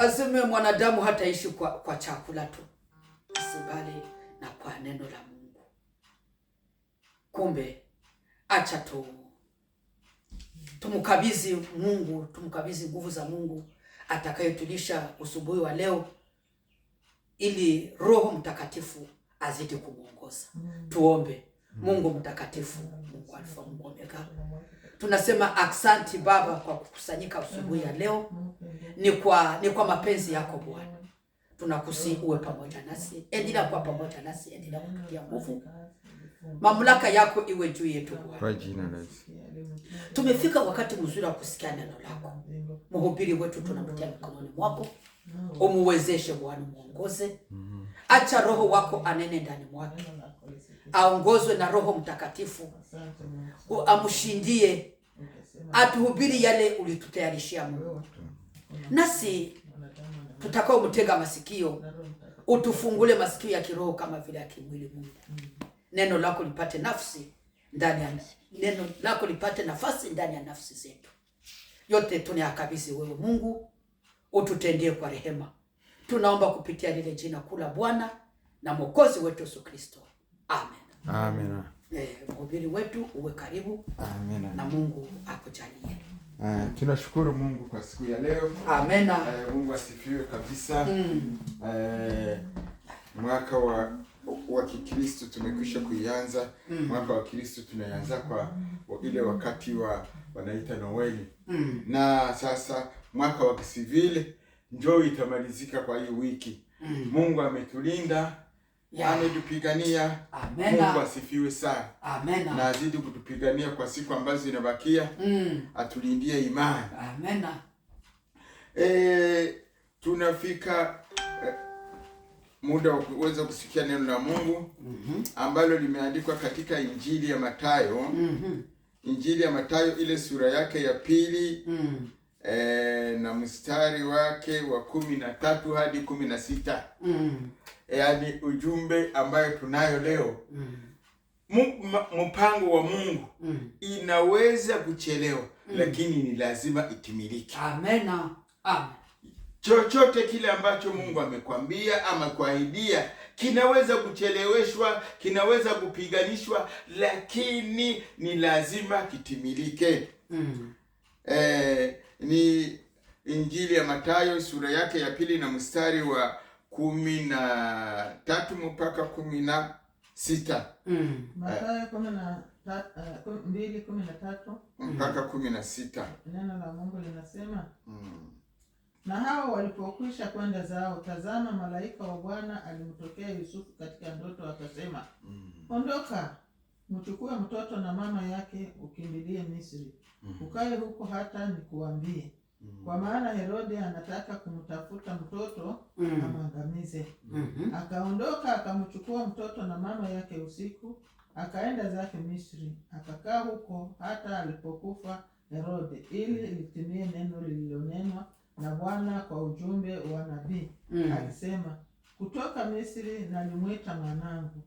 Aseme mwanadamu hataishi kwa, kwa chakula tu, asibali na kwa neno la Mungu. Kumbe acha tu tumkabidhi Mungu, tumkabidhi nguvu za Mungu atakayetulisha usubuhi wa leo, ili Roho Mtakatifu azidi kumwongoza. Mm. Tuombe. Mm. Mungu mtakatifu, Mungu Alfa, Mungu Omega. Mm tunasema aksanti Baba kwa kukusanyika asubuhi ya leo. Ni kwa ni kwa mapenzi yako Bwana, tunakusi uwe pamoja nasi, endelea kuwa pamoja nasi, endelea kututia nguvu, mamlaka yako iwe juu yetu Bwana. Tumefika wakati mzuri wa kusikia neno lako. Mhubiri wetu tunamtia mikononi mwako, umuwezeshe Bwana, muongoze. Acha Roho wako anene ndani mwake, aongozwe na Roho Mtakatifu, amshindie atuhubiri yale ulitutayarishia Mungu, nasi tutakao mtega masikio utufungule masikio ya kiroho kama vile ya kimwili. Mungu, neno lako lipate nafsi ndani ya neno lako lipate nafasi ndani ya nafsi zetu. Yote tunayakabidhi wewe Mungu, ututendee kwa rehema. Tunaomba kupitia lile jina kula Bwana na Mwokozi wetu Yesu Kristo, amen, amen eh, mhubiri wetu uwe karibu. Amina. Na Mungu akujalie. Eh, tunashukuru Mungu kwa siku ya leo. Amena. Uh, eh, Mungu asifiwe kabisa. Mm. Uh, mwaka wa wa Kikristo tumekwisha kuianza. Mm. Mwaka wa Kristo tunaianza kwa ile wakati wa wanaita Noeli. Mm. Na sasa mwaka wa kisivili njoo itamalizika kwa hii wiki. Mm. Mungu ametulinda Yeah. Ametupigania. Mungu asifiwe sana. Amen. Na azidi kutupigania kwa siku ambazo zinabakia. Mm. Atulindie imani. Amen. E, tunafika e, muda wa kuweza kusikia neno la Mungu mm -hmm. ambalo limeandikwa katika Injili ya Mathayo. Mm -hmm. Injili ya Mathayo ile sura yake ya pili mm e, na mstari wake wa kumi na tatu hadi kumi na sita mm. yaani ujumbe ambayo tunayo leo mm. Mpango wa Mungu mm. inaweza kuchelewa mm. lakini ni lazima itimilike. Amen. Chochote kile ambacho Mungu amekwambia ama kuahidia kinaweza kucheleweshwa, kinaweza kupiganishwa, lakini ni lazima kitimilike mm. E, ni Injili ya Mathayo sura yake ya pili na mstari wa kumi na tatu mpaka kumi na sita mm. eh, mpaka kumi na sita Neno la Mungu linasema mm. Na hao walipokwisha kwenda zao, tazama, malaika wa Bwana alimtokea Yusufu katika ndoto, akasema mm. Ondoka mchukue mtoto na mama yake ukimbilie Misri, mhm. ukae huko hata nikuambie, mhm. kwa maana Herode anataka kumtafuta mtoto mhm. amwangamize. Akaondoka akamchukua mtoto na mama yake usiku, akaenda zake Misri, akakaa huko hata alipokufa Herode, ili litimie neno lililonenwa na Bwana kwa ujumbe wa nabii akisema, kutoka Misri nalimwita mwanangu.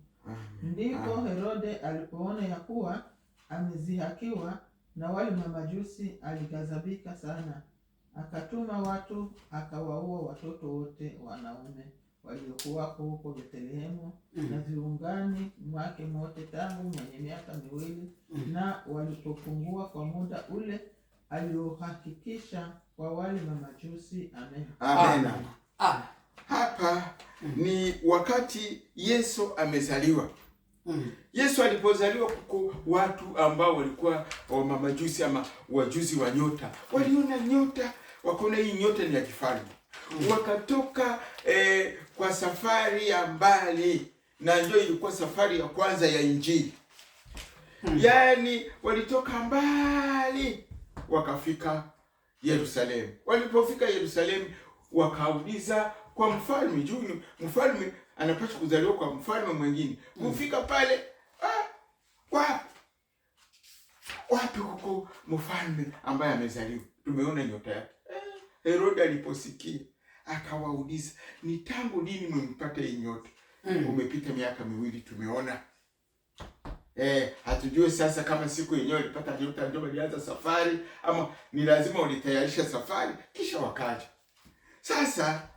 Ndipo Herode alipoona ya kuwa amezihakiwa na wale mamajusi, alighadhibika sana, akatuma watu akawaua watoto wote wanaume waliokuwapo huko Bethlehemu mm. na viungani mwake mote, tangu mwenye miaka miwili mm. na walipopungua kwa muda ule aliohakikisha kwa wale mamajusi. Amen, amen, amen. Hapa ni wakati Yesu amezaliwa. Mm. Yesu alipozaliwa kuko watu ambao walikuwa wa ama wajuzi wa nyota waliona nyota, wakaona hii nyota ni ya kifalme. Mm. Wakatoka eh, kwa safari ya mbali, na ndio ilikuwa safari ya kwanza ya Injili. Mm. Yaani walitoka mbali wakafika Yerusalemu. Walipofika Yerusalemu wakauliza kwa mfalme juu. Mfalme anapaswa kuzaliwa kwa mfalme mwingine, kufika pale ah, wapi huko mfalme ambaye amezaliwa. Tumeona nyota yake. Eh, Herodi aliposikia akawauliza, ni tangu lini mmepata hii nyota? Mm. Umepita miaka miwili tumeona. Eh, hatujui sasa kama siku yenyewe ulipata nyota ndio ulianza safari ama ni lazima ulitayarisha safari kisha wakaja. Sasa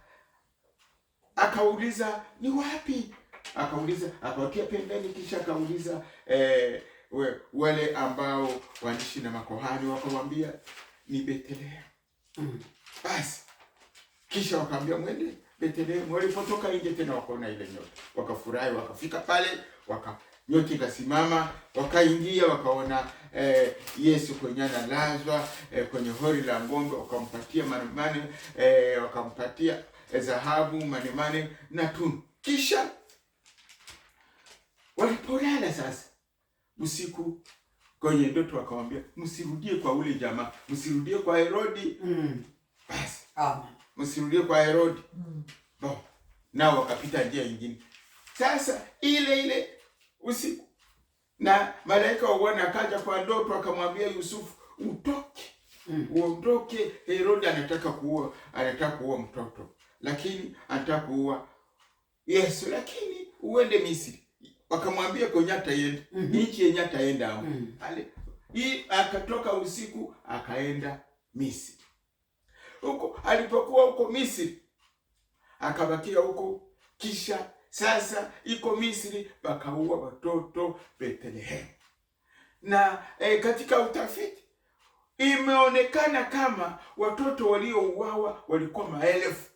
akauliza ni wapi? Akauliza, akawekea pembeni, kisha akauliza eh, we, wale ambao waandishi na makohani wakamwambia ni Bethlehem. Mm. Basi kisha wakaambia mwende Bethlehem. Walipotoka nje tena wakaona ile nyota, wakafurahi, wakafika pale, waka nyota ikasimama, wakaingia, wakaona eh, Yesu kwenye analazwa eh, kwenye hori la ng'ombe, wakampatia marumani eh, wakampatia dhahabu, manemane na tunu. Kisha walipolala sasa usiku, kwenye ndoto akamwambia, msirudie kwa ule jamaa, msirudie kwa Herodi. Mm. Basi msirudie kwa Herodi. Mm. Bo, nao wakapita njia nyingine. Sasa ile ile usiku na malaika wauone akaja kwa ndoto akamwambia Yusufu, utoke, mm. uondoke, Herodi anataka kuua, anataka kuua mtoto lakini atakuwa Yesu, lakini uende Misri. Wakamwambia kwenye ataenda mm -hmm. nchi yenye ataenda hapo mm -hmm. akatoka usiku akaenda Misri. Huko alipokuwa huko Misri akabakia huko, kisha sasa iko Misri pakaua watoto betelehemu na e, katika utafiti imeonekana kama watoto waliouawa walikuwa maelfu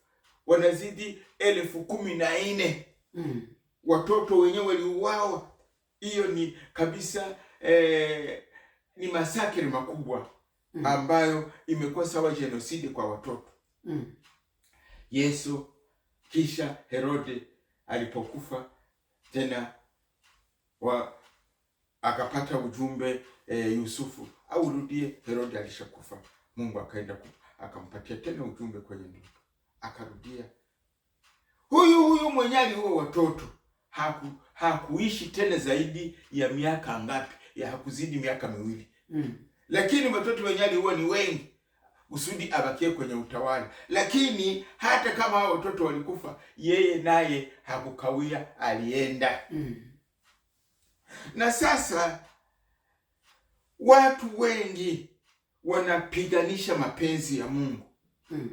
wanazidi elfu kumi na nne mm. Watoto wenyewe waliuawa. Hiyo ni kabisa eh, ni masakiri makubwa mm. ambayo imekuwa sawa jenosidi kwa watoto mm. Yesu kisha Herode alipokufa tena wa, akapata ujumbe e, Yusufu au rudie. Herode alishakufa, Mungu akaenda akampatia tena ujumbe kwenye ndoto akarudia. Huyu huyu mwenye aliua watoto haku, hakuishi tena zaidi ya miaka ngapi? Ya hakuzidi miaka miwili mm. Lakini watoto wenye aliua ni wengi usudi abakie kwenye utawala. Lakini hata kama hao watoto walikufa, yeye naye hakukawia, alienda mm. Na sasa watu wengi wanapiganisha mapenzi ya Mungu mm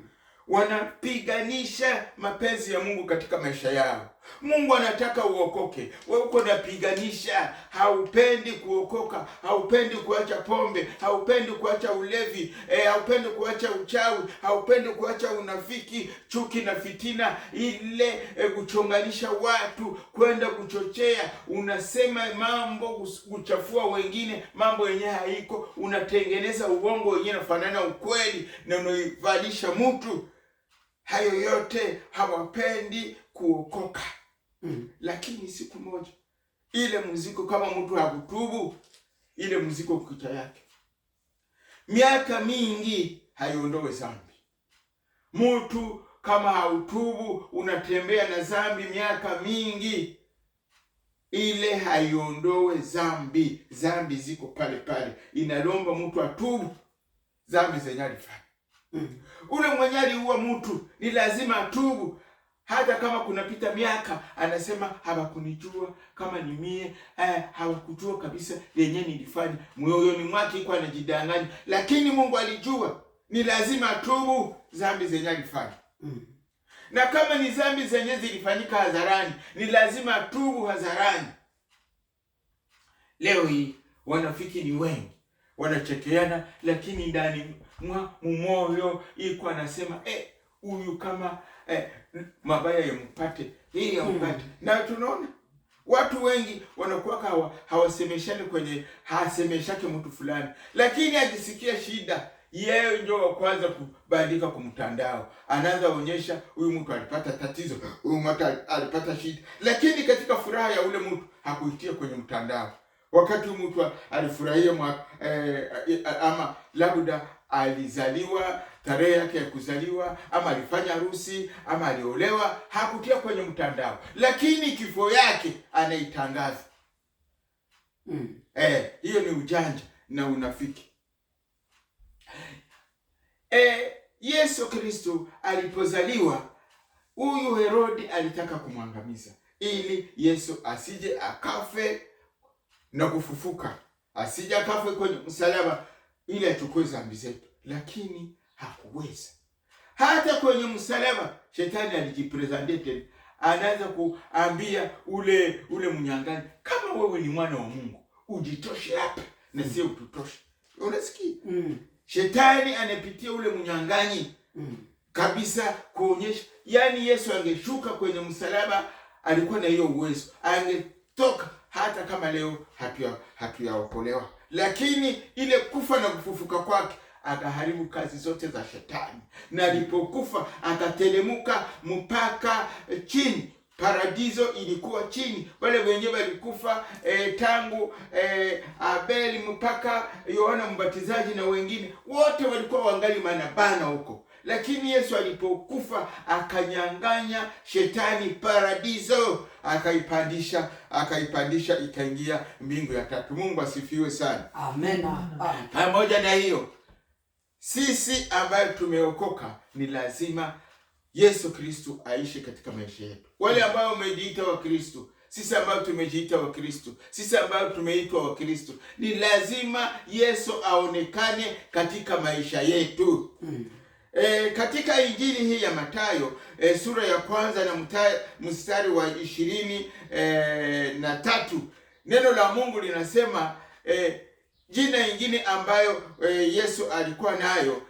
wanapiganisha mapenzi ya Mungu katika maisha yao. Mungu anataka uokoke, wewe uko unapiganisha, haupendi kuokoka, haupendi kuacha pombe, haupendi kuacha ulevi e, haupendi kuacha uchawi, haupendi kuacha unafiki, chuki na fitina ile e, kuchonganisha watu, kwenda kuchochea, unasema mambo kuchafua wengine, mambo yenyewe haiko, unatengeneza uongo wenyewe unafanana ukweli na unaivalisha mtu hayo yote hawapendi kuokoka Hmm. Lakini siku moja ile muziko, kama mtu hakutubu, ile muziko kucha yake miaka mingi haiondoe zambi. Mtu kama hautubu, unatembea na zambi miaka mingi, ile haiondoe zambi. Zambi ziko pale pale, inalomba mtu atubu zambi zenye alifanya. Mm. Ule mwenye aliua mtu ni lazima atubu, hata kama kunapita miaka, anasema hawakunijua kama ni mie eh, hawakujua kabisa lenye nilifanya. Moyoni mwake iko anajidanganya, lakini Mungu alijua ni lazima atubu zambi zenye alifanya mm. na kama ni zambi zenye zilifanyika hadharani, ni lazima atubu hadharani. Leo hii wanafiki ni wengi, wanachekeana, lakini ndani mwa mumwoyo iko anasema eh, huyu kama eh, mabaya yampate hii hmm. yampate mm. Na tunaona watu wengi wanakuwa hawa, hawasemeshani kwenye hasemeshake mtu fulani, lakini akisikia shida yeye ndio wa kwanza kubadilika kwa mtandao, anaanza onyesha huyu mtu alipata tatizo, huyu mtu alipata shida, lakini katika furaha ya ule mtu hakuitia kwenye mtandao. Wakati mtu alifurahia eh, eh, ama labda alizaliwa tarehe yake ya kuzaliwa, ama alifanya harusi, ama aliolewa, hakutia kwenye mtandao, lakini kifo yake anaitangaza. Mm. Eh, hiyo ni ujanja na unafiki. Eh, Yesu Kristo alipozaliwa, huyu Herodi alitaka kumwangamiza ili Yesu asije akafe na kufufuka, asije akafe kwenye msalaba ili achukue dhambi zetu, lakini hakuweza. Hata kwenye msalaba shetani alijipresente anaanza kuambia ule ule mnyang'anyi, kama wewe ni mwana wa Mungu ujitoshe hapa na mm. sio ututoshe. Unasikia? mm. Shetani anapitia ule mnyang'anyi mm. kabisa kuonyesha, yani Yesu angeshuka kwenye msalaba, alikuwa na hiyo uwezo, angetoka hata kama leo hatuyaokolewa lakini ile kufa na kufufuka kwake akaharibu kazi zote za shetani, na alipokufa akatelemuka mpaka chini. paradizo ilikuwa chini, wale wenyewe walikufa e, tangu e, Abeli mpaka Yohana Mbatizaji na wengine wote walikuwa wangali manabana huko lakini Yesu alipokufa akanyang'anya shetani paradiso, akaipandisha akaipandisha ikaingia mbingu ya tatu. Mungu asifiwe sana, amena Pamoja na hiyo, sisi ambayo tumeokoka ni lazima Yesu Kristu aishi katika maisha yetu. Wale ambao wamejiita Wakristu, sisi ambao tumejiita Wakristu, sisi ambao tumeitwa Wakristu, ni lazima Yesu aonekane katika maisha yetu. Hmm. E, katika injili hii ya Mathayo e, sura ya kwanza na mstari wa ishirini e, na tatu neno la Mungu linasema e, jina ingine ambayo e, Yesu alikuwa nayo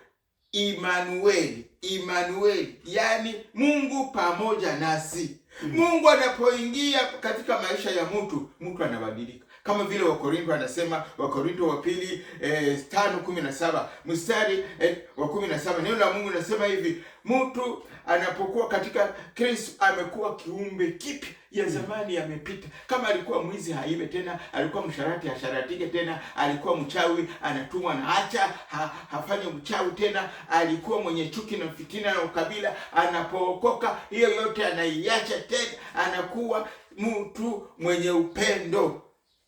Imanueli, Imanueli, yani Mungu pamoja nasi. -hmm. Mungu anapoingia katika maisha ya mtu, mtu anabadilika kama vile Wakorintho anasema Wakorintho wa pili eh, tano kumi na saba mstari eh, wa kumi na saba neno la Mungu linasema hivi mtu anapokuwa katika Kristo amekuwa kiumbe kipya, ya hmm. zamani yamepita. Kama alikuwa mwizi haiwe tena, alikuwa msharati asharatike tena, alikuwa mchawi anatumwa na acha ha, hafanye mchawi tena, alikuwa mwenye chuki na fitina na ukabila, anapookoka hiyo yote anaiacha tena, anakuwa mtu mwenye upendo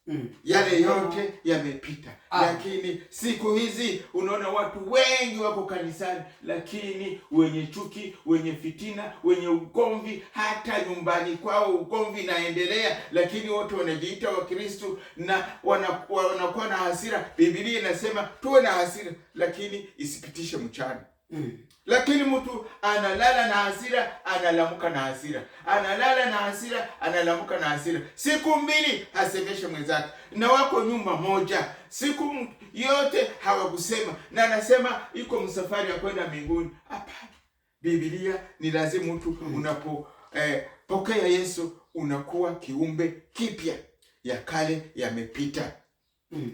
Mm. Yale yote yamepita, ah. lakini siku hizi unaona watu wengi wako kanisani, lakini wenye chuki, wenye fitina, wenye ugomvi. Hata nyumbani kwao ugomvi inaendelea, lakini wote wanajiita Wakristu na wanakuwa na hasira. bibilia inasema tuwe na hasira, lakini isipitishe mchana. Mm. Lakini mtu analala na hasira, analamuka na hasira, analala na hasira, analamuka na hasira, siku mbili hasemeshe mwenzake, na wako nyumba moja, siku yote hawakusema, na anasema iko msafari ya kwenda mbinguni. Hapana, Biblia ni lazima mtu mm. unapo unapopokea eh, pokea Yesu unakuwa kiumbe kipya, ya kale yamepita. Mm.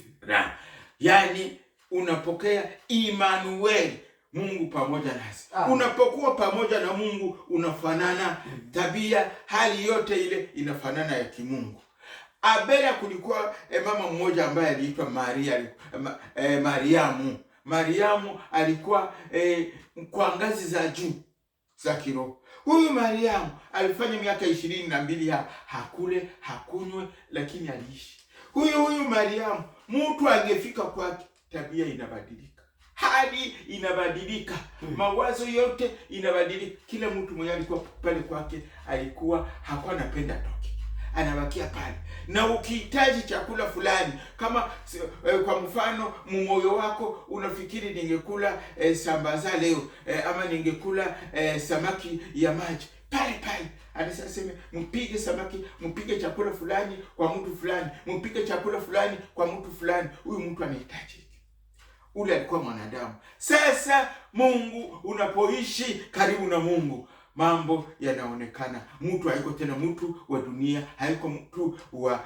Yaani unapokea Imanueli Mungu pamoja nasi. Ah. Unapokuwa pamoja na Mungu unafanana tabia, hali yote ile inafanana ya kimungu. Abela kulikuwa eh, mama mmoja ambaye aliitwa Maria eh, eh, Mariamu. Mariamu alikuwa eh, kwa ngazi za juu za kiroho. Huyu Mariamu alifanya miaka ishirini na mbili ya hakule hakunywe, lakini aliishi. Huyu huyu Mariamu, mtu angefika kwake tabia inabadilika hali inabadilika hmm. Mawazo yote inabadilika. Kila mtu mwenye alikuwa pale kwake alikuwa hakuwa anapenda toke, anabakia pale. Na ukihitaji chakula fulani kama eh, kwa mfano mmoyo wako unafikiri ningekula eh, sambaza leo eh, ama ningekula eh, samaki ya maji pale pale anasema mpige samaki, mpige chakula fulani kwa mtu fulani, mpige chakula fulani kwa mtu fulani. Huyu mtu anahitaji ule alikuwa mwanadamu. Sasa Mungu, unapoishi karibu na Mungu, mambo yanaonekana. Mtu haiko tena mtu wa dunia, haiko mtu wa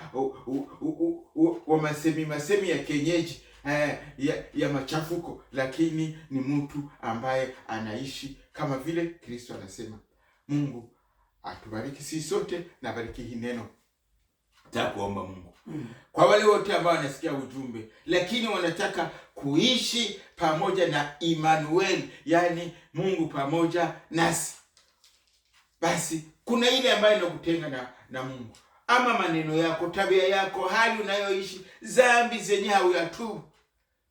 wa masemi masemi ya kenyeji eh, ya, ya machafuko, lakini ni mtu ambaye anaishi kama vile Kristo anasema. Mungu atubariki sisi sote na bariki hii neno za kuomba Mungu mm. Kwa wale wote ambao wanasikia ujumbe lakini wanataka kuishi pamoja na Emmanuel, yani Mungu pamoja nasi, basi kuna ile ambayo inakutenga na, na Mungu ama maneno yako, tabia yako, hali unayoishi, zambi zenye hauyatubu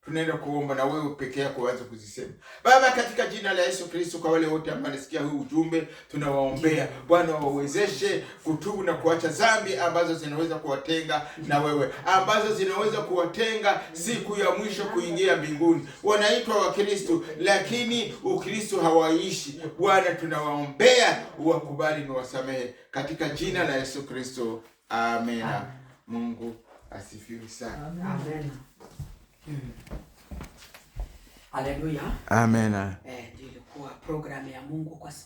tunaenda kuomba na wewe peke yako uanze kuzisema. Baba, katika jina la Yesu Kristo, kwa wale wote ambao nasikia huu ujumbe tunawaombea, Bwana wawezeshe kutubu na kuacha dhambi ambazo zinaweza kuwatenga na wewe, ambazo zinaweza kuwatenga siku ya mwisho kuingia mbinguni. Wanaitwa Wakristo lakini Ukristo hawaishi. Bwana, tunawaombea uwakubali na wasamehe katika jina la Yesu Kristo, amena. Mungu asifiwe sana. Amen. Amen. Haleluya. Amen. Eh, ndio ilikuwa programu ya Mungu kwa